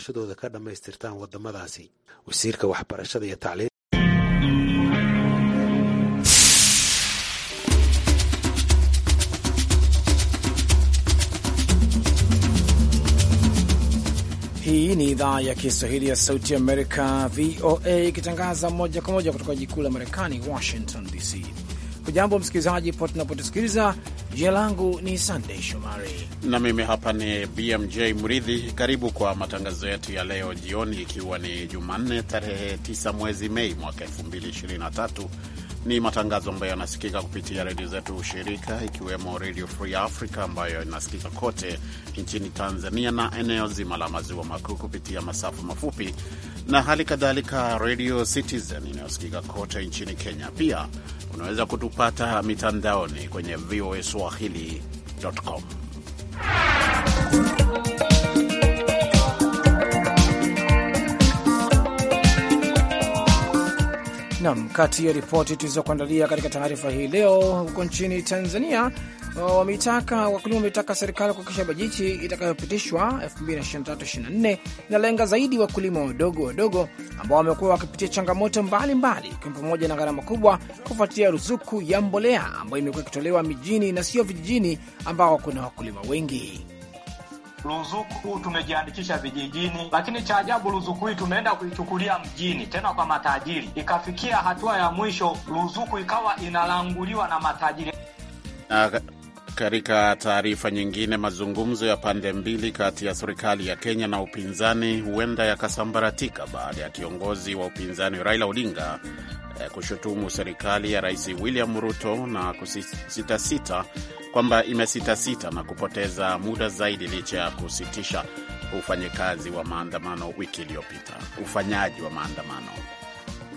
waxbarashadooda ka dhammaystirtaan wadamadaasi wasiirka waxbarashada iyo tacliim Hii ni idhaa ya Kiswahili ya Sauti Amerika, VOA, ikitangaza moja kwa moja kutoka jikuu la Marekani, Washington DC. Hujambo msikilizaji pote unapotusikiliza. Jina langu ni Sandey Shomari na mimi hapa ni BMJ Mridhi. Karibu kwa matangazo yetu ya leo jioni, ikiwa ni Jumanne tarehe 9 mwezi Mei mwaka 2023. Ni matangazo ambayo yanasikika kupitia redio zetu ushirika, ikiwemo Redio Free Africa ambayo inasikika kote nchini Tanzania na eneo zima la maziwa makuu kupitia masafa mafupi, na hali kadhalika Redio Citizen inayosikika kote nchini Kenya. Pia Unaweza kutupata mitandaoni kwenye voa swahilicom Nam, kati ya ripoti tulizokuandalia katika taarifa hii leo, huko nchini Tanzania wameitaka wakulima wameitaka serikali kuhakikisha bajeti itakayopitishwa 2023/2024 inalenga zaidi wakulima wadogo wadogo ambao wamekuwa wakipitia changamoto mbalimbali, ikiwa pamoja na gharama kubwa kufuatia ruzuku ya mbolea ambayo imekuwa ikitolewa mijini na sio vijijini ambao kuna wakulima wengi ruzuku tumejiandikisha vijijini, lakini cha ajabu ruzuku hii tumeenda kuichukulia mjini, tena kwa matajiri. Ikafikia hatua ya mwisho ruzuku ikawa inalanguliwa na matajiri. Na katika taarifa nyingine, mazungumzo ya pande mbili kati ya serikali ya Kenya na upinzani huenda yakasambaratika baada ya kiongozi wa upinzani Raila Odinga eh, kushutumu serikali ya Rais William Ruto na kusitasita kwamba imesitasita na kupoteza muda zaidi licha ya kusitisha ufanyikazi wa maandamano wiki iliyopita, ufanyaji wa maandamano.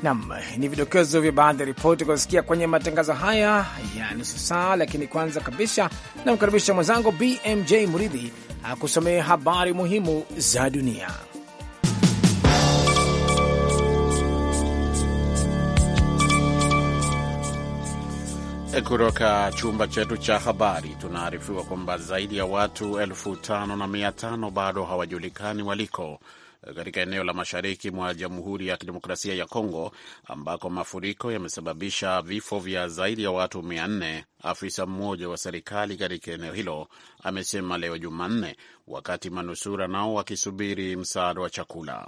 Nam ni vidokezo vya baadhi ya ripoti kusikia kwenye matangazo haya ya nusu saa, lakini kwanza kabisa namkaribisha mwenzangu BMJ Muridhi akusomee habari muhimu za dunia. Eh, kutoka chumba chetu cha habari tunaarifiwa kwamba zaidi ya watu elfu tano na mia tano bado hawajulikani waliko eh, katika eneo la mashariki mwa Jamhuri ya Kidemokrasia ya Kongo ambako mafuriko yamesababisha vifo vya zaidi ya watu mia nne. Afisa mmoja wa serikali katika eneo hilo amesema leo Jumanne, wakati manusura nao wakisubiri msaada wa chakula.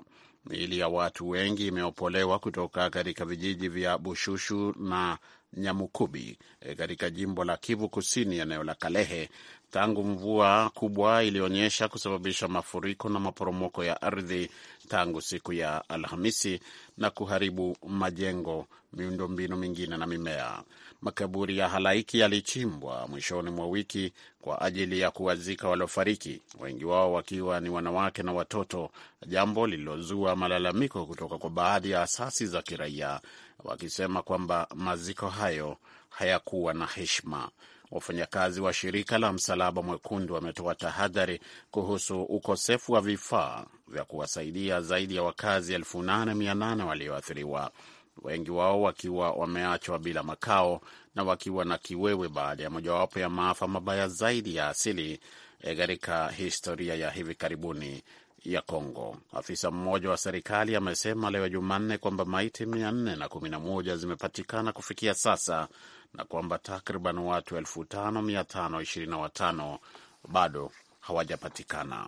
Miili ya watu wengi imeopolewa kutoka katika vijiji vya Bushushu na Nyamukubi e, katika jimbo la Kivu Kusini, eneo la Kalehe, tangu mvua kubwa ilionyesha kusababisha mafuriko na maporomoko ya ardhi tangu siku ya Alhamisi na kuharibu majengo, miundombinu mingine na mimea makaburi ya halaiki yalichimbwa mwishoni mwa wiki kwa ajili ya kuwazika waliofariki, wengi wao wakiwa ni wanawake na watoto, jambo lililozua malalamiko kutoka kwa baadhi ya asasi za kiraia wakisema kwamba maziko hayo hayakuwa na heshima. Wafanyakazi wa shirika la Msalaba Mwekundu wametoa tahadhari kuhusu ukosefu wa vifaa vya kuwasaidia zaidi ya wakazi elfu walioathiriwa wengi wao wakiwa wameachwa bila makao na wakiwa na kiwewe baada ya mojawapo ya maafa mabaya zaidi ya asili eh, katika historia ya hivi karibuni ya Kongo. Afisa mmoja wa serikali amesema leo Jumanne kwamba maiti mia nne na kumi na moja zimepatikana kufikia sasa na kwamba takriban watu elfu tano mia tano ishirini na watano bado hawajapatikana.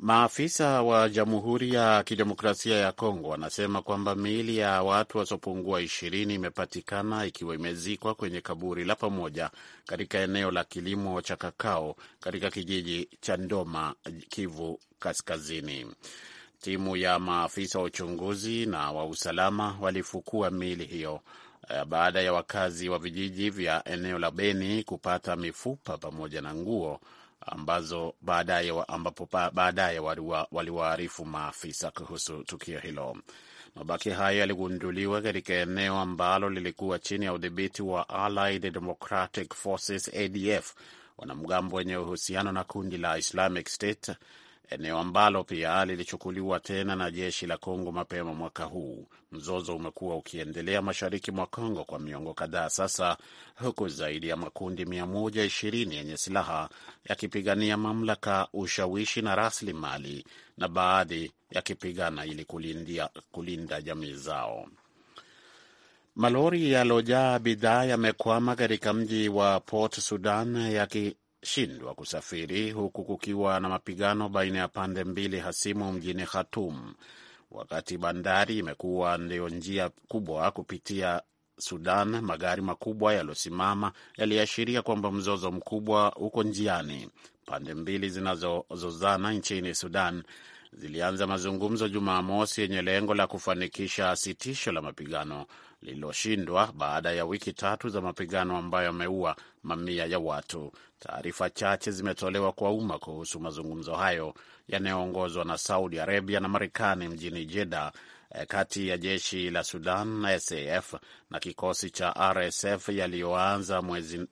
Maafisa wa Jamhuri ya Kidemokrasia ya Kongo wanasema kwamba miili ya watu wasiopungua ishirini imepatikana ikiwa imezikwa kwenye kaburi la pamoja katika eneo la kilimo cha kakao katika kijiji cha Ndoma, Kivu Kaskazini. Timu ya maafisa wa uchunguzi na wa usalama walifukua miili hiyo eh, baada ya wakazi wa vijiji vya eneo la Beni kupata mifupa pamoja na nguo ambazo baadaye wa, ambapo baadaye waliwaarifu maafisa kuhusu tukio hilo. Mabaki hayo yaligunduliwa katika eneo ambalo lilikuwa chini ya udhibiti wa Allied Democratic Forces ADF, wanamgambo wenye uhusiano na kundi la Islamic State eneo ambalo pia lilichukuliwa tena na jeshi la Kongo mapema mwaka huu. Mzozo umekuwa ukiendelea mashariki mwa Kongo kwa miongo kadhaa sasa, huku zaidi ya makundi 120 yenye silaha yakipigania mamlaka, ushawishi na rasilimali, na baadhi yakipigana ili kulindia, kulinda jamii zao. Malori yalojaa bidhaa yamekwama katika mji wa Port Sudan yaki shindwa kusafiri huku kukiwa na mapigano baina ya pande mbili hasimu mjini Khartoum, wakati bandari imekuwa ndiyo njia kubwa kupitia Sudan. Magari makubwa yaliyosimama yaliashiria kwamba mzozo mkubwa uko njiani. Pande mbili zinazozozana nchini Sudan zilianza mazungumzo Jumamosi yenye lengo la kufanikisha sitisho la mapigano lililoshindwa baada ya wiki tatu za mapigano ambayo yameua mamia ya watu. Taarifa chache zimetolewa kwa umma kuhusu mazungumzo hayo yanayoongozwa na Saudi Arabia na Marekani mjini Jeddah, eh, kati ya jeshi la Sudan na SAF na kikosi cha RSF yaliyoanza mwezi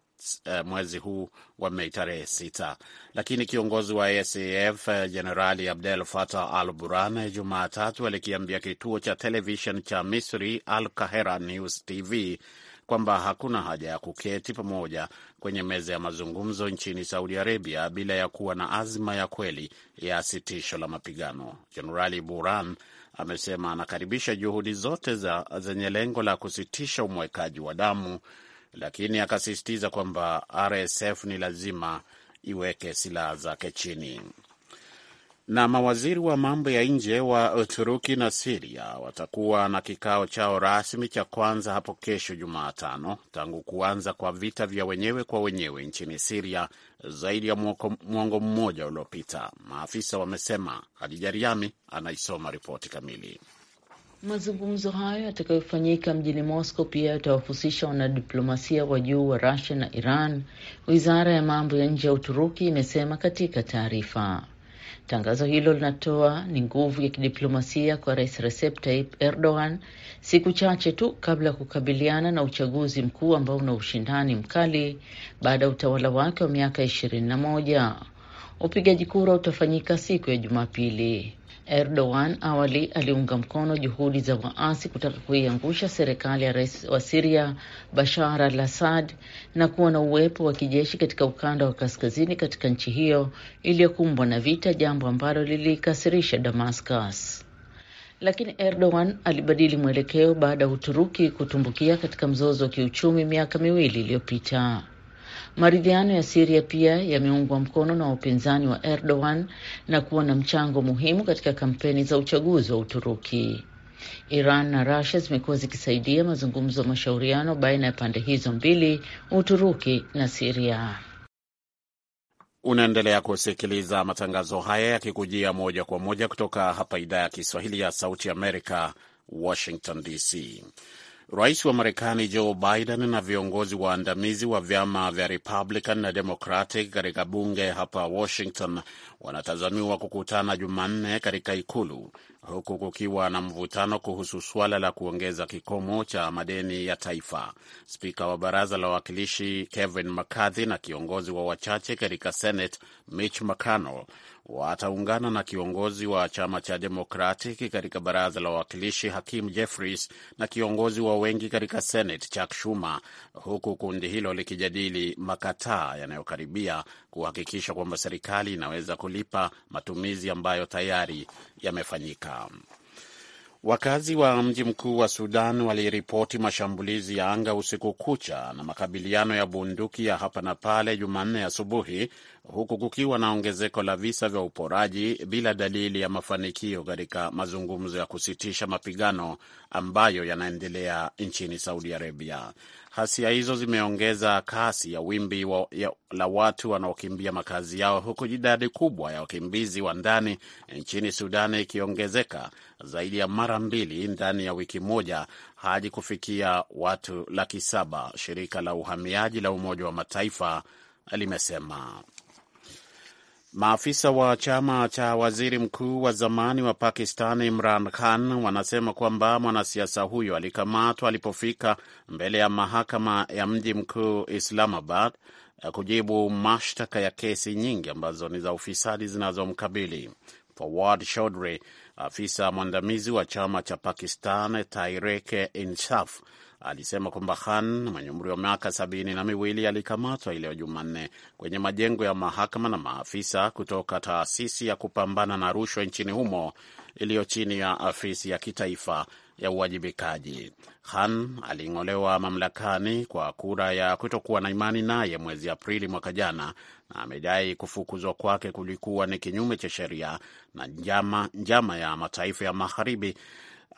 Eh, mwezi huu wa Mei tarehe sita, lakini kiongozi wa SAF eh, Jenerali Abdel Fatah Al buran eh, Jumatatu alikiambia kituo cha televishen cha Misri Al Kahera News TV kwamba hakuna haja ya kuketi pamoja kwenye meza ya mazungumzo nchini Saudi Arabia bila ya kuwa na azma ya kweli ya sitisho la mapigano. Jenerali buran amesema anakaribisha juhudi zote za zenye lengo la kusitisha umwekaji wa damu lakini akasisitiza kwamba RSF ni lazima iweke silaha zake chini. Na mawaziri wa mambo ya nje wa Uturuki na Siria watakuwa na kikao chao rasmi cha kwanza hapo kesho Jumatano tangu kuanza kwa vita vya wenyewe kwa wenyewe nchini Siria zaidi ya mwongo mmoja uliopita, maafisa wamesema. Hadija Riami anaisoma ripoti kamili. Mazungumzo hayo yatakayofanyika mjini Moscow pia yatawahusisha wanadiplomasia wa juu wa Rusia na Iran, wizara ya mambo ya nje ya Uturuki imesema katika taarifa. Tangazo hilo linatoa ni nguvu ya kidiplomasia kwa Rais Recep Tayyip Erdogan siku chache tu kabla ya kukabiliana na uchaguzi mkuu ambao una ushindani mkali baada ya utawala wake wa miaka ishirini na moja. Upigaji kura utafanyika siku ya Jumapili. Erdogan awali aliunga mkono juhudi za waasi kutaka kuiangusha serikali ya rais wa Siria Bashar al Assad na kuwa na uwepo wa kijeshi katika ukanda wa kaskazini katika nchi hiyo iliyokumbwa na vita, jambo ambalo liliikasirisha Damascus. Lakini Erdogan alibadili mwelekeo baada ya Uturuki kutumbukia katika mzozo wa kiuchumi miaka miwili iliyopita. Maridhiano ya Siria pia yameungwa mkono na wapinzani wa Erdogan na kuwa na mchango muhimu katika kampeni za uchaguzi wa Uturuki. Iran na rasia zimekuwa zikisaidia mazungumzo ya mashauriano baina ya pande hizo mbili, Uturuki na Siria. Unaendelea kusikiliza matangazo haya yakikujia moja kwa moja kutoka hapa idhaa ya Kiswahili ya Sauti Amerika, Washington DC. Rais wa Marekani Joe Biden na viongozi waandamizi wa vyama vya Republican na Democratic katika bunge hapa Washington wanatazamiwa kukutana Jumanne katika ikulu huku kukiwa na mvutano kuhusu suala la kuongeza kikomo cha madeni ya taifa. Spika wa baraza la wawakilishi Kevin McCarthy na kiongozi wa wachache katika Senate Mitch McConnell wataungana na kiongozi wa chama cha Democratic katika baraza la wawakilishi Hakim Jeffries na kiongozi wa wengi katika Senate Chuck Schumer, huku kundi hilo likijadili makataa yanayokaribia kuhakikisha kwamba serikali inaweza kulipa matumizi ambayo tayari yamefanyika. Wakazi wa mji mkuu wa Sudan waliripoti mashambulizi ya anga usiku kucha na makabiliano ya bunduki ya hapa na pale Jumanne asubuhi huku kukiwa na ongezeko la visa vya uporaji bila dalili ya mafanikio katika mazungumzo ya kusitisha mapigano ambayo yanaendelea nchini Saudi Arabia. Hasia hizo zimeongeza kasi ya wimbi wa, ya, la watu wanaokimbia makazi yao huku idadi kubwa ya wakimbizi wa ndani nchini Sudani ikiongezeka zaidi ya mara mbili ndani ya wiki moja hadi kufikia watu laki saba, shirika la uhamiaji la Umoja wa Mataifa limesema. Maafisa wa chama cha waziri mkuu wa zamani wa Pakistan Imran Khan wanasema kwamba mwanasiasa huyo alikamatwa alipofika mbele ya mahakama ya mji mkuu Islamabad eh, kujibu mashtaka ya kesi nyingi ambazo ni za ufisadi zinazomkabili. Fawad Chaudhry, afisa mwandamizi wa chama cha Pakistan Tahrike Insaf, alisema kwamba Khan mwenye umri wa miaka sabini na miwili alikamatwa ileo Jumanne kwenye majengo ya mahakama na maafisa kutoka taasisi ya kupambana na rushwa nchini humo iliyo chini ya afisi ya kitaifa ya uwajibikaji. Khan aling'olewa mamlakani kwa kura ya kutokuwa na imani naye mwezi Aprili mwaka jana, na amedai kufukuzwa kwake kulikuwa ni kinyume cha sheria na njama, njama ya mataifa ya magharibi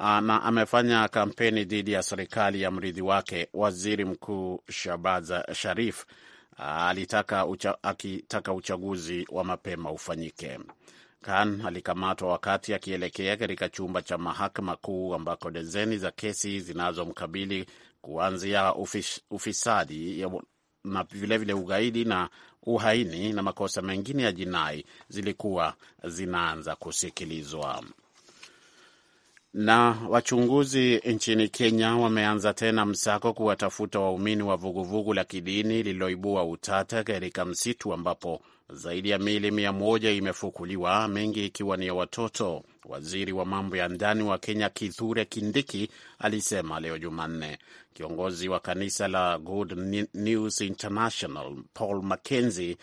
Ah, na amefanya kampeni dhidi ya serikali ya mrithi wake waziri mkuu Shabaza Sharif ah, alitaka ucha, akitaka uchaguzi wa mapema ufanyike. Khan alikamatwa wakati akielekea katika chumba cha mahakama kuu ambako dezeni za kesi zinazomkabili kuanzia ufis, ufisadi ya, na vilevile ugaidi na uhaini na makosa mengine ya jinai zilikuwa zinaanza kusikilizwa. Na wachunguzi nchini Kenya wameanza tena msako kuwatafuta waumini wa vuguvugu la kidini lililoibua utata katika msitu ambapo zaidi ya miili mia moja imefukuliwa, mengi ikiwa ni ya watoto. Waziri wa mambo ya ndani wa Kenya Kithure Kindiki alisema leo Jumanne. Kiongozi wa kanisa la Good News International Paul Mackenzie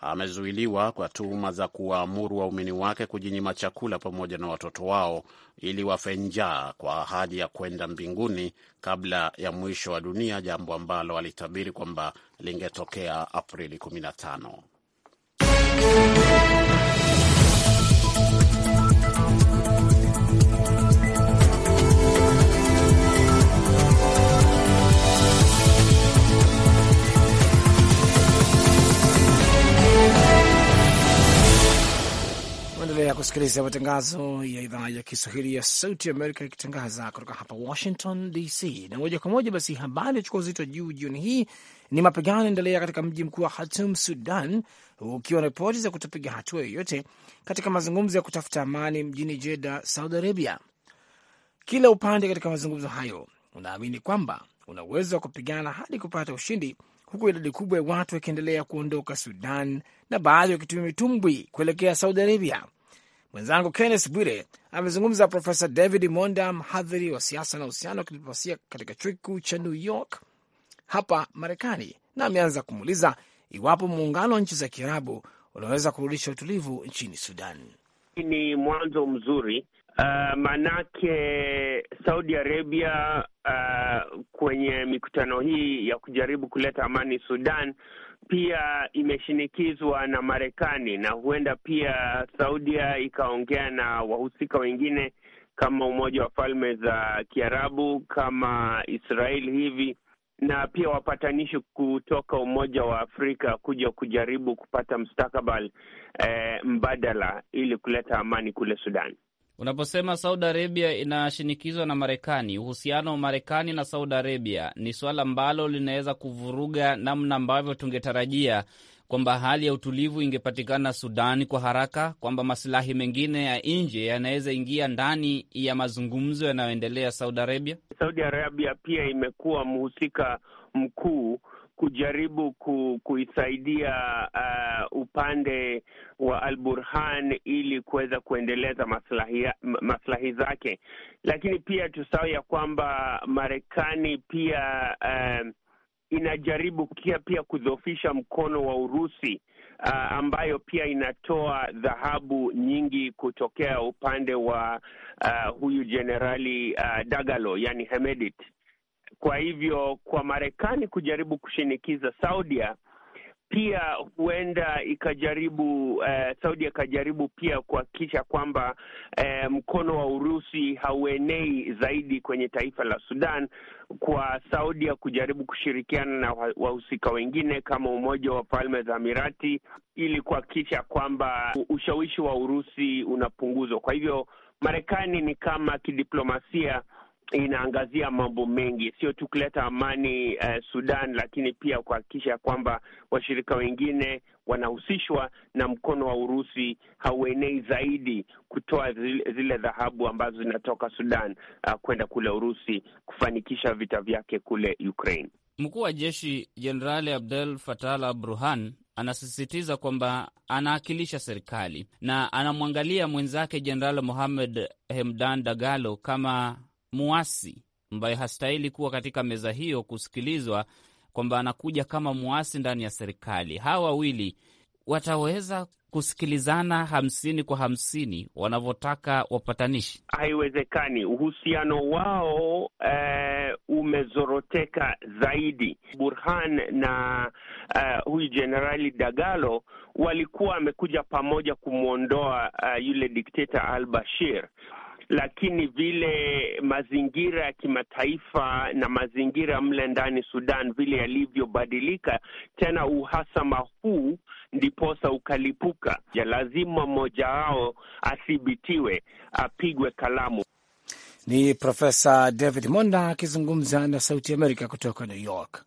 amezuiliwa kwa tuhuma za kuwaamuru waumini wake kujinyima chakula pamoja na watoto wao ili wafe njaa kwa ahadi ya kwenda mbinguni kabla ya mwisho wa dunia, jambo ambalo alitabiri kwamba lingetokea Aprili 15. Naendelea kusikiliza matangazo ya idhaa ya Kiswahili ya Sauti ya Amerika ikitangaza kutoka hapa Washington DC na moja kwa moja. Basi habari chukua uzito juu jioni hii ni mapigano yanaendelea katika mji mkuu wa Khartoum, Sudan, ukiwa na ripoti za kutopiga hatua yoyote katika mazungumzo ya kutafuta amani mjini Jeddah, Saudi Arabia. Kila upande katika mazungumzo hayo unaamini kwamba una uwezo wa kupigana hadi kupata ushindi, huku idadi kubwa ya watu wakiendelea kuondoka Sudan na baadhi wakitumia mitumbwi kuelekea Saudi Arabia. Mwenzangu Kenneth Bwire amezungumza Profesa David Monda, mhadhiri wa siasa na uhusiano wa kidiplomasia katika chuo kikuu cha New York hapa Marekani, na ameanza kumuuliza iwapo muungano wa nchi za Kiarabu unaweza kurudisha utulivu nchini Sudan. Ni mwanzo mzuri uh, ah, maanake Saudi Arabia uh, kwenye mikutano hii ya kujaribu kuleta amani Sudan pia imeshinikizwa na Marekani na huenda pia Saudia ikaongea na wahusika wengine kama Umoja wa Falme za Kiarabu, kama Israeli hivi na pia wapatanishi kutoka Umoja wa Afrika kuja kujaribu kupata mustakabali eh, mbadala ili kuleta amani kule Sudan. Unaposema Saudi Arabia inashinikizwa na Marekani, uhusiano wa Marekani na Saudi Arabia ni suala ambalo linaweza kuvuruga namna ambavyo tungetarajia kwamba hali ya utulivu ingepatikana Sudani kwa haraka, kwamba masilahi mengine ya nje yanaweza ingia ndani ya mazungumzo yanayoendelea Saudi Arabia. Saudi Arabia pia imekuwa mhusika mkuu kujaribu ku, kuisaidia uh, upande wa Al Burhan ili kuweza kuendeleza maslahi, maslahi zake, lakini pia tusahau ya kwamba Marekani pia uh, inajaribu pia pia kudhoofisha mkono wa Urusi uh, ambayo pia inatoa dhahabu nyingi kutokea upande wa uh, huyu jenerali uh, Dagalo yani Hemedit kwa hivyo kwa Marekani kujaribu kushinikiza Saudia pia huenda ikajaribu eh, Saudi akajaribu pia kuhakikisha kwamba eh, mkono wa Urusi hauenei zaidi kwenye taifa la Sudan, kwa Saudia kujaribu kushirikiana na wahusika wengine kama Umoja wa Falme za Mirati ili kuhakikisha kwamba ushawishi wa Urusi unapunguzwa. Kwa hivyo Marekani ni kama kidiplomasia inaangazia mambo mengi, sio tu kuleta amani eh, Sudan, lakini pia kuhakikisha kwamba washirika wengine wanahusishwa na mkono wa Urusi hauenei zaidi kutoa zile dhahabu ambazo zinatoka Sudan uh, kwenda kule Urusi kufanikisha vita vyake kule Ukraine. Mkuu wa jeshi Jenerali Abdel fatal abruhan burhan anasisitiza kwamba anaakilisha serikali na anamwangalia mwenzake Jenerali Mohamed Hemdan Dagalo kama muasi ambaye hastahili kuwa katika meza hiyo kusikilizwa, kwamba anakuja kama muasi ndani ya serikali. Hawa wawili wataweza kusikilizana hamsini kwa hamsini wanavyotaka wapatanishi? Haiwezekani. Uhusiano wao eh, umezoroteka zaidi. Burhan na eh, huyu jenerali Dagalo walikuwa wamekuja pamoja kumwondoa eh, yule dikteta al Bashir lakini vile mazingira ya kimataifa na mazingira mle ndani Sudan vile yalivyobadilika, tena uhasama huu ndiposa ukalipuka. Ja, lazima mmoja wao athibitiwe, apigwe kalamu. Ni Profesa David Monda akizungumza na Sauti Amerika kutoka New York.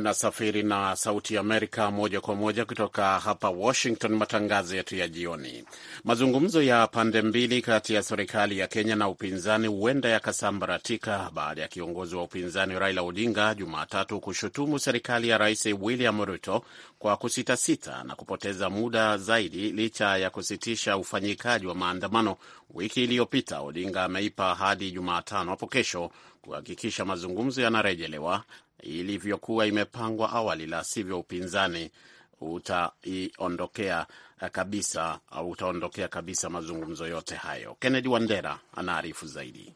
Unasafiri na Sauti Amerika moja kwa moja kutoka hapa Washington, matangazo yetu ya jioni. Mazungumzo ya pande mbili kati ya serikali ya Kenya na upinzani huenda yakasambaratika baada ya kiongozi wa upinzani Raila Odinga Jumatatu kushutumu serikali ya Rais William Ruto kwa kusitasita na kupoteza muda zaidi licha ya kusitisha ufanyikaji wa maandamano wiki iliyopita. Odinga ameipa hadi Jumatano hapo kesho kuhakikisha mazungumzo yanarejelewa ilivyokuwa imepangwa awali, la sivyo upinzani utaiondokea kabisa au utaondokea kabisa mazungumzo yote hayo. Kennedy Wandera anaarifu zaidi.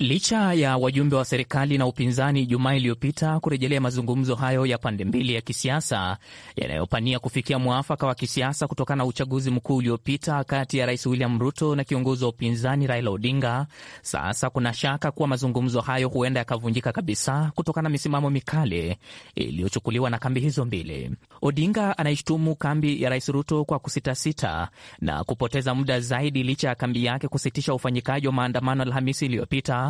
Licha ya wajumbe wa serikali na upinzani Jumaa iliyopita kurejelea mazungumzo hayo ya pande mbili ya kisiasa yanayopania kufikia mwafaka wa kisiasa kutokana na uchaguzi mkuu uliopita kati ya Rais William Ruto na kiongozi wa upinzani Raila Odinga, sasa kuna shaka kuwa mazungumzo hayo huenda yakavunjika kabisa kutokana na misimamo mikali iliyochukuliwa na kambi hizo mbili. Odinga anaishtumu kambi ya Rais Ruto kwa kusitasita na kupoteza muda zaidi licha ya kambi yake kusitisha ufanyikaji wa maandamano Alhamisi iliyopita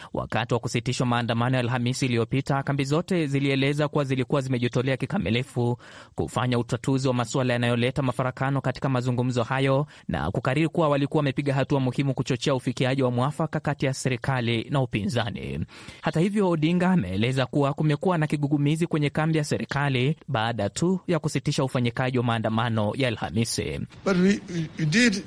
Wakati wa kusitishwa maandamano ya Alhamisi iliyopita, kambi zote zilieleza kuwa zilikuwa zimejitolea kikamilifu kufanya utatuzi wa masuala yanayoleta mafarakano katika mazungumzo hayo na kukariri kuwa walikuwa wamepiga hatua muhimu kuchochea ufikiaji wa mwafaka kati ya serikali na upinzani. Hata hivyo, Odinga ameeleza kuwa kumekuwa na kigugumizi kwenye kambi ya serikali baada tu ya kusitisha ufanyikaji wa maandamano ya Alhamisi. But we, we did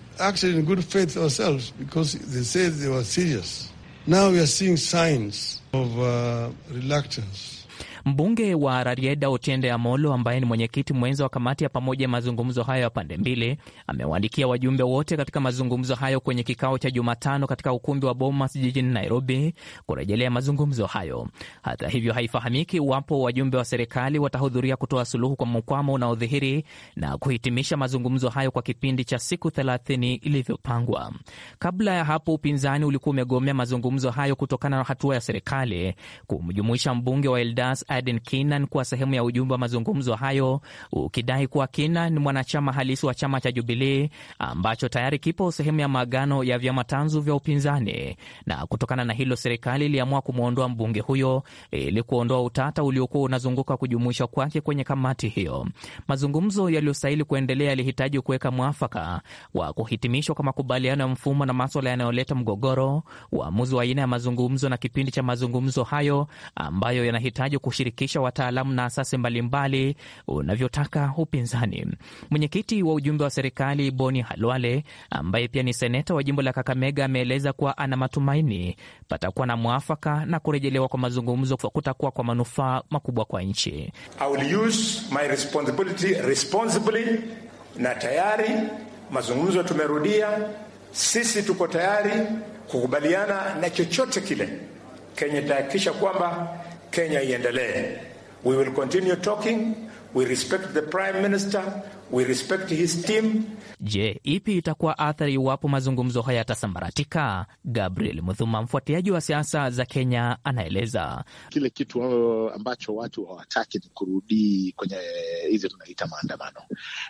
Now we are seeing signs of uh, reluctance Mbunge wa Rarieda Otiende Amolo, ambaye ni mwenyekiti mwenza wa kamati ya pamoja ya mazungumzo hayo ya pande mbili, amewaandikia wajumbe wote katika mazungumzo hayo kwenye kikao cha Jumatano katika ukumbi wa Bomas jijini Nairobi kurejelea mazungumzo hayo. Hata hivyo, haifahamiki iwapo wajumbe wa serikali watahudhuria kutoa suluhu kwa mkwamo unaodhihiri na kuhitimisha mazungumzo hayo kwa kipindi cha siku 30 ilivyopangwa. Kabla ya hapo, upinzani ulikuwa umegomea mazungumzo hayo kutokana na hatua ya serikali kumjumuisha mbunge wa Eldas Aden Kinan kuwa sehemu ya ujumbe wa mazungumzo hayo, ukidai kuwa Kinan ni mwanachama halisi wa chama cha Jubilee ambacho tayari kipo sehemu ya maagano ya vyama tanzu vya upinzani. Na kutokana na hilo, serikali iliamua kumwondoa mbunge huyo ili kuondoa utata uliokuwa unazunguka kujumuishwa kwake kwenye kamati hiyo. Mazungumzo yaliyostahili kuendelea yalihitaji kuweka mwafaka wa kuhitimishwa kwa makubaliano ya mfumo na maswala yanayoleta mgogoro, uamuzi wa aina ya mazungumzo na kipindi cha mazungumzo hayo ambayo yanahitaji kushi kushirikisha wataalamu na asasi mbalimbali unavyotaka upinzani. Mwenyekiti wa ujumbe wa serikali Boni Halwale, ambaye pia ni seneta wa jimbo la Kakamega, ameeleza kuwa ana matumaini patakuwa na mwafaka na kurejelewa kwa mazungumzo kutakuwa kwa manufaa makubwa kwa nchi. I will use my responsibility responsibly, na tayari mazungumzo tumerudia. Sisi tuko tayari kukubaliana na chochote kile kenye tahakikisha kwamba Kenya iendelee. We will continue talking. We respect the prime minister. We respect his team. Je, ipi itakuwa athari iwapo mazungumzo haya yatasambaratika? Gabriel Muthuma, mfuatiliaji wa siasa za Kenya, anaeleza. Kile kitu ambacho watu hawataki ni kurudi kwenye hizi tunaita maandamano.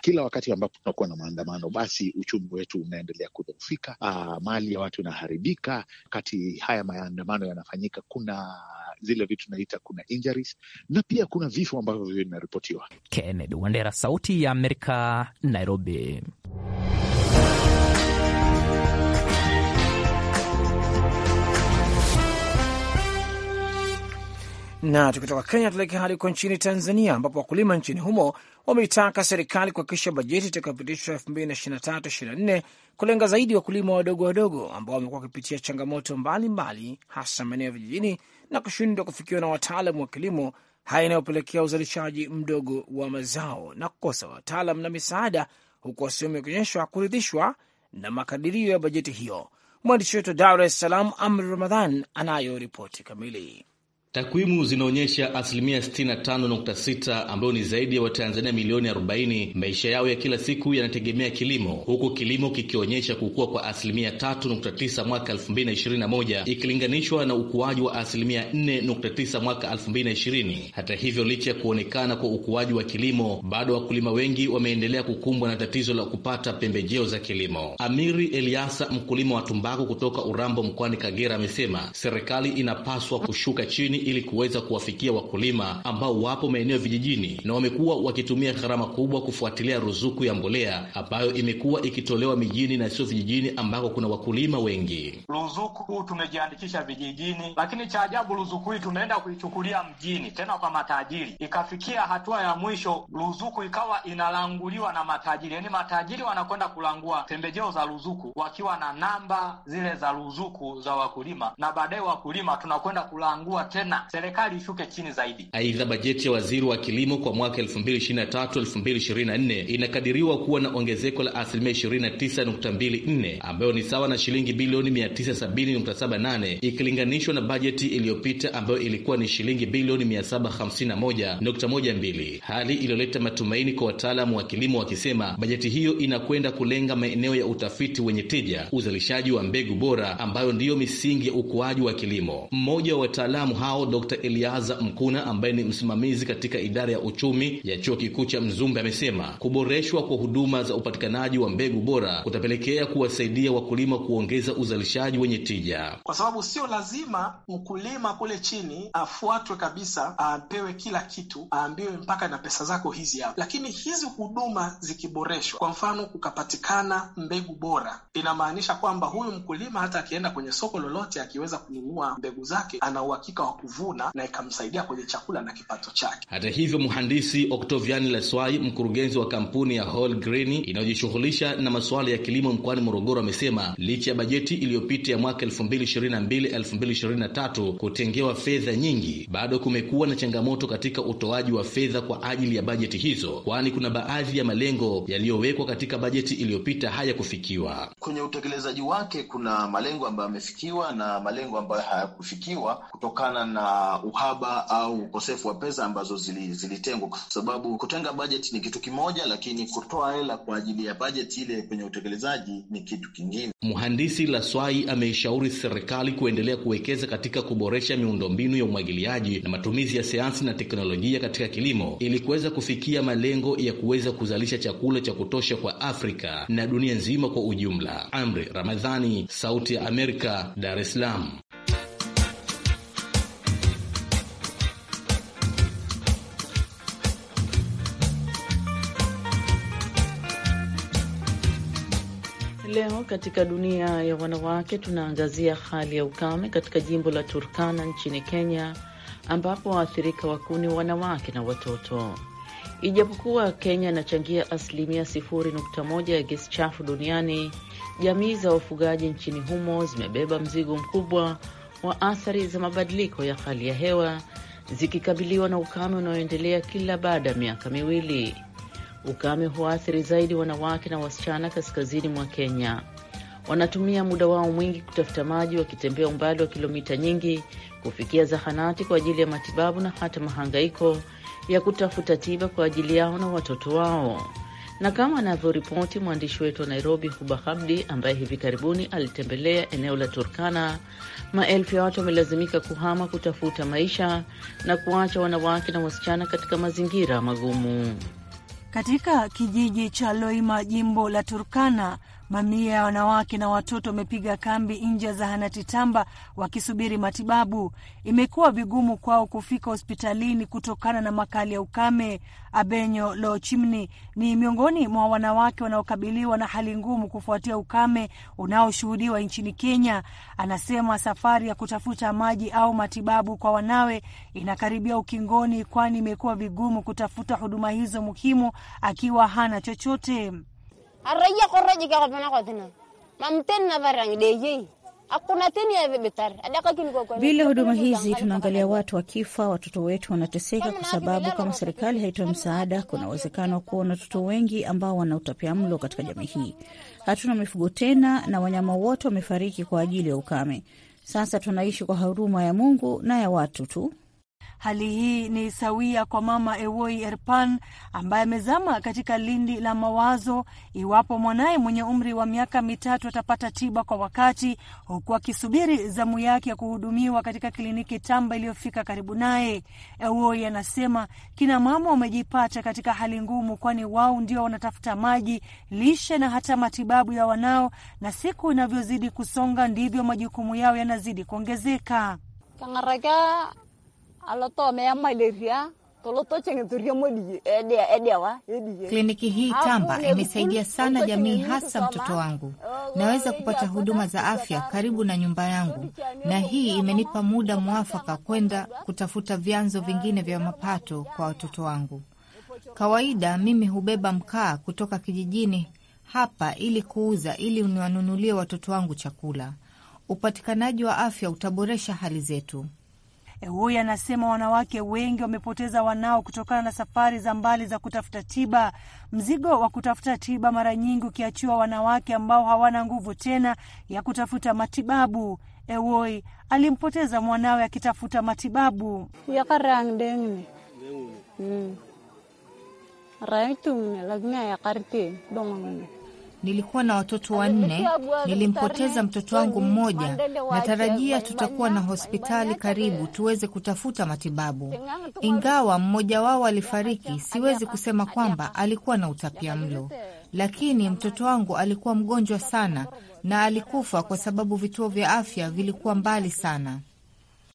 Kila wakati ambapo tunakuwa na maandamano, basi uchumi wetu unaendelea kudhoofika, ah, mali ya watu inaharibika. Wakati haya maandamano yanafanyika, kuna zile vitu tunaita kuna injuries, na pia kuna vifo ambavyo vimeripotiwa. Kennedy Wandera, Sauti ya Amerika, Nairobi. Na tukitoka Kenya tuelekea hadi huko nchini Tanzania, ambapo wakulima nchini humo wameitaka serikali kuhakikisha bajeti itakayopitishwa 2023 nne kulenga zaidi wakulima wadogo wadogo ambao wamekuwa wakipitia changamoto mbalimbali mbali, hasa maeneo ya vijijini na kushindwa kufikiwa na wataalam wa kilimo, haya inayopelekea uzalishaji mdogo wa mazao na kukosa wataalam na misaada, huku wasiomi wakionyeshwa kuridhishwa na makadirio ya bajeti hiyo. Mwandishi wetu Dar es Salaam, Amri Ramadhan, anayo ripoti kamili. Takwimu zinaonyesha asilimia 65.6 ambayo ni zaidi ya Watanzania milioni 40 maisha yao ya kila siku yanategemea kilimo, huku kilimo kikionyesha kukua kwa asilimia 3.9 mwaka 2021 ikilinganishwa na ukuaji wa asilimia 4.9 mwaka 2020. Hata hivyo, licha ya kuonekana kwa ukuaji wa kilimo, bado wakulima wengi wameendelea kukumbwa na tatizo la kupata pembejeo za kilimo. Amiri Eliasa, mkulima wa tumbaku kutoka Urambo mkoani Kagera, amesema serikali inapaswa kushuka chini ili kuweza kuwafikia wakulima ambao wapo maeneo vijijini na wamekuwa wakitumia gharama kubwa kufuatilia ruzuku ya mbolea ambayo imekuwa ikitolewa mijini na sio vijijini ambako kuna wakulima wengi. Ruzuku tumejiandikisha vijijini, lakini cha ajabu ruzuku hii tunaenda kuichukulia mjini tena kwa matajiri. Ikafikia hatua ya mwisho ruzuku ikawa inalanguliwa na matajiri, yaani matajiri wanakwenda kulangua pembejeo za ruzuku wakiwa na namba zile za ruzuku za wakulima, na baadaye wakulima tunakwenda kulangua tena tena serikali ishuke chini zaidi. Aidha, bajeti ya waziri wa kilimo kwa mwaka 2023/2024 inakadiriwa kuwa na ongezeko la asilimia 29.24 ambayo ni sawa na shilingi bilioni 970.78 ikilinganishwa na bajeti iliyopita ambayo ilikuwa ni shilingi bilioni 751.12, hali iliyoleta matumaini kwa wataalamu wa kilimo wakisema bajeti hiyo inakwenda kulenga maeneo ya utafiti wenye tija, uzalishaji wa mbegu bora ambayo ndiyo misingi ya ukuaji wa kilimo. Mmoja wa wataalamu hao Dr Eliaza Mkuna ambaye ni msimamizi katika idara ya uchumi ya chuo kikuu cha Mzumbe amesema kuboreshwa kwa huduma za upatikanaji wa mbegu bora kutapelekea kuwasaidia wakulima kuongeza uzalishaji wenye tija, kwa sababu sio lazima mkulima kule chini afuatwe kabisa, apewe kila kitu, aambiwe mpaka na pesa zako hizi hapa. Lakini hizi huduma zikiboreshwa, kwa mfano kukapatikana mbegu bora, inamaanisha kwamba huyu mkulima hata akienda kwenye soko lolote, akiweza kununua mbegu zake, ana uhakika wa kuvuna na ikamsaidia kwenye chakula na kipato chake. Hata hivyo, mhandisi Oktoviani Leswai, mkurugenzi wa kampuni ya Whole Grain inayojishughulisha na masuala ya kilimo mkoani Morogoro, amesema licha ya bajeti iliyopita ya mwaka 2022 2023 kutengewa fedha nyingi, bado kumekuwa na changamoto katika utoaji wa fedha kwa ajili ya bajeti hizo, kwani kuna baadhi ya malengo yaliyowekwa katika bajeti iliyopita hayakufikiwa. Kwenye utekelezaji wake kuna malengo ambayo yamefikiwa na malengo ambayo hayakufikiwa kutokana na uhaba au ukosefu wa pesa ambazo zilitengwa, kwa sababu kutenga bajeti ni kitu kimoja, lakini kutoa hela kwa ajili ya bajeti ile kwenye utekelezaji ni kitu kingine. Mhandisi Laswai ameishauri serikali kuendelea kuwekeza katika kuboresha miundombinu ya umwagiliaji na matumizi ya sayansi na teknolojia katika kilimo ili kuweza kufikia malengo ya kuweza kuzalisha chakula cha kutosha kwa Afrika na dunia nzima kwa ujumla. Amri Ramadhani, Sauti ya Amerika, Dar es Salaam. leo katika dunia ya wanawake tunaangazia hali ya ukame katika jimbo la Turkana nchini Kenya, ambapo waathirika wakuu ni wanawake na watoto. Ijapokuwa Kenya inachangia asilimia 0.1 ya gesi chafu duniani, jamii za wafugaji nchini humo zimebeba mzigo mkubwa wa athari za mabadiliko ya hali ya hewa, zikikabiliwa na ukame unaoendelea kila baada ya miaka miwili. Ukame huathiri zaidi wanawake na wasichana kaskazini mwa Kenya. Wanatumia muda wao mwingi kutafuta maji, wakitembea umbali wa kilomita nyingi kufikia zahanati kwa ajili ya matibabu na hata mahangaiko ya kutafuta tiba kwa ajili yao na watoto wao. Na kama anavyoripoti mwandishi wetu wa Nairobi, Huba Habdi, ambaye hivi karibuni alitembelea eneo la Turkana, maelfu ya watu wamelazimika kuhama kutafuta maisha na kuacha wanawake na wasichana katika mazingira magumu katika kijiji cha Loima, jimbo la Turkana, Mamia ya wanawake na watoto wamepiga kambi nje ya zahanati Tamba wakisubiri matibabu. Imekuwa vigumu kwao kufika hospitalini kutokana na makali ya ukame. Abenyo Lochimni ni miongoni mwa wanawake wanaokabiliwa na hali ngumu kufuatia ukame unaoshuhudiwa nchini Kenya. Anasema safari ya kutafuta maji au matibabu kwa wanawe inakaribia ukingoni, kwani imekuwa vigumu kutafuta huduma hizo muhimu akiwa hana chochote arraya korraji ke kopena kotina mamteni navarangi dejei hakuna teni avebetar adakakin kokoni. Bila huduma hizi tunaangalia watu wakifa, watoto wetu wanateseka, kwa sababu kama serikali haitoi msaada, kuna uwezekano wa kuona watoto wengi ambao wana utapia mlo katika jamii hii. Hatuna mifugo tena na wanyama wote wamefariki kwa ajili ya ukame. Sasa tunaishi kwa huruma ya Mungu na ya watu tu. Hali hii ni sawia kwa mama Ewoi Erpan ambaye amezama katika lindi la mawazo iwapo mwanaye mwenye umri wa miaka mitatu atapata tiba kwa wakati, huku akisubiri zamu yake ya kuhudumiwa katika kliniki tamba iliyofika karibu naye. Ewoi anasema kina mama wamejipata katika hali ngumu, kwani wao ndio wanatafuta maji, lishe na hata matibabu ya wanao, na siku inavyozidi kusonga ndivyo majukumu yao yanazidi kuongezeka aloto Kliniki hii tamba imesaidia sana jamii, hasa mtoto wangu. Naweza kupata huduma za afya karibu na nyumba yangu, na hii imenipa muda mwafaka kwenda kutafuta vyanzo vingine vya mapato kwa watoto wangu. Kawaida mimi hubeba mkaa kutoka kijijini hapa ili kuuza, ili niwanunulie watoto wangu chakula. Upatikanaji wa afya utaboresha hali zetu. Ewoy anasema wanawake wengi wamepoteza wanao kutokana na safari za mbali za kutafuta tiba. Mzigo wa kutafuta tiba mara nyingi ukiachiwa wanawake ambao hawana nguvu tena ya kutafuta matibabu. ewoi alimpoteza mwanawe akitafuta matibabu nilikuwa na watoto wanne, nilimpoteza mtoto wangu mmoja. Natarajia tutakuwa na hospitali karibu tuweze kutafuta matibabu. Ingawa mmoja wao alifariki, siwezi kusema kwamba alikuwa na utapia mlo, lakini mtoto wangu alikuwa mgonjwa sana na alikufa kwa sababu vituo vya afya vilikuwa mbali sana.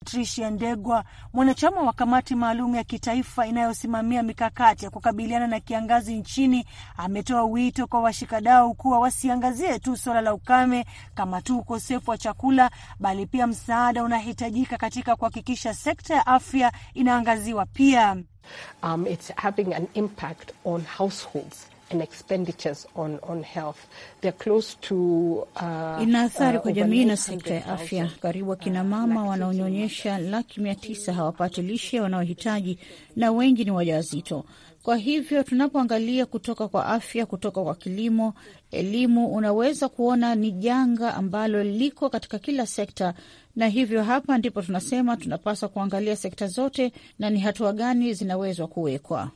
Patricia Ndegwa, mwanachama wa kamati maalum ya kitaifa inayosimamia mikakati ya kukabiliana na kiangazi nchini, ametoa wito kwa washikadau kuwa wasiangazie tu suala la ukame kama tu ukosefu wa chakula, bali pia msaada unahitajika katika kuhakikisha sekta ya afya inaangaziwa pia. Um, it's having an impact on households and expenditures on, on health. They're close to, uh, ina athari uh, kwa jamii na sekta ya afya. Karibu akina uh, mama uh, wanaonyonyesha laki mia tisa hawapati lishe wanaohitaji, na wengi ni wajawazito. Kwa hivyo tunapoangalia kutoka kwa afya, kutoka kwa kilimo, elimu, unaweza kuona ni janga ambalo liko katika kila sekta, na hivyo hapa ndipo tunasema tunapaswa kuangalia sekta zote na ni hatua gani zinawezwa kuwekwa.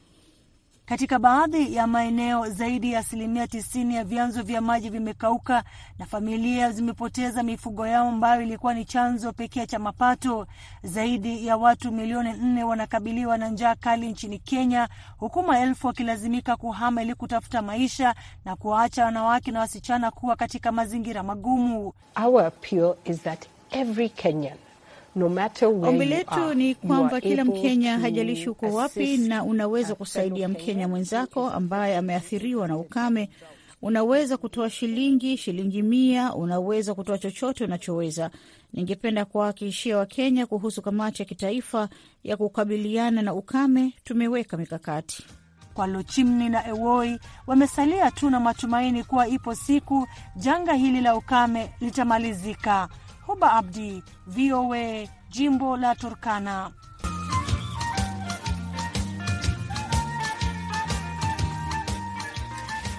Katika baadhi ya maeneo zaidi ya asilimia tisini ya vyanzo vya maji vimekauka na familia zimepoteza mifugo yao ambayo ilikuwa ni chanzo pekee cha mapato. Zaidi ya watu milioni nne wanakabiliwa na njaa kali nchini Kenya, huku maelfu wakilazimika kuhama ili kutafuta maisha na kuwaacha wanawake na wasichana kuwa katika mazingira magumu. Our appeal is that every Kenyan No, ombi letu ni kwamba kila Mkenya hajalishi uko wapi, na unaweza kusaidia Mkenya mwenzako ambaye ameathiriwa na ukame. Unaweza kutoa shilingi shilingi mia, unaweza kutoa chochote unachoweza. Ningependa kuwahakikishia Wakenya kuhusu kamati ya kitaifa ya kukabiliana na ukame. Tumeweka mikakati kwa Lochimni na Ewoi wamesalia tu na matumaini kuwa ipo siku janga hili la ukame litamalizika. Hoba Abdi, VOA, jimbo la Turkana.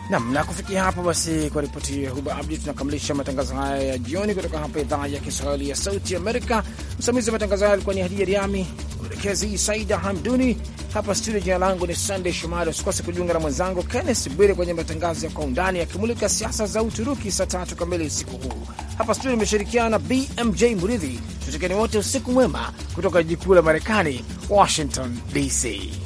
Nam na kufikia hapo basi, kwa ripoti hiyo ya Huba Abdi, tunakamilisha matangazo haya ya jioni kutoka hapa idhaa ya Kiswahili ya Sauti Amerika. Msimamizi wa matangazo haya alikuwa ni Hadija Riami, mwelekezi Saida Hamduni hapa studio. Jina langu ni Sandey Shomari. Usikose kujiunga na mwenzangu Kennes Bwire kwenye matangazo ya Kwa Undani yakimulika siasa za Uturuki saa tatu kamili usiku huu. Hapa studio imeshirikiana na BMJ Muridhi. Tutekeni wote usiku mwema kutoka jiji kuu la Marekani, Washington DC.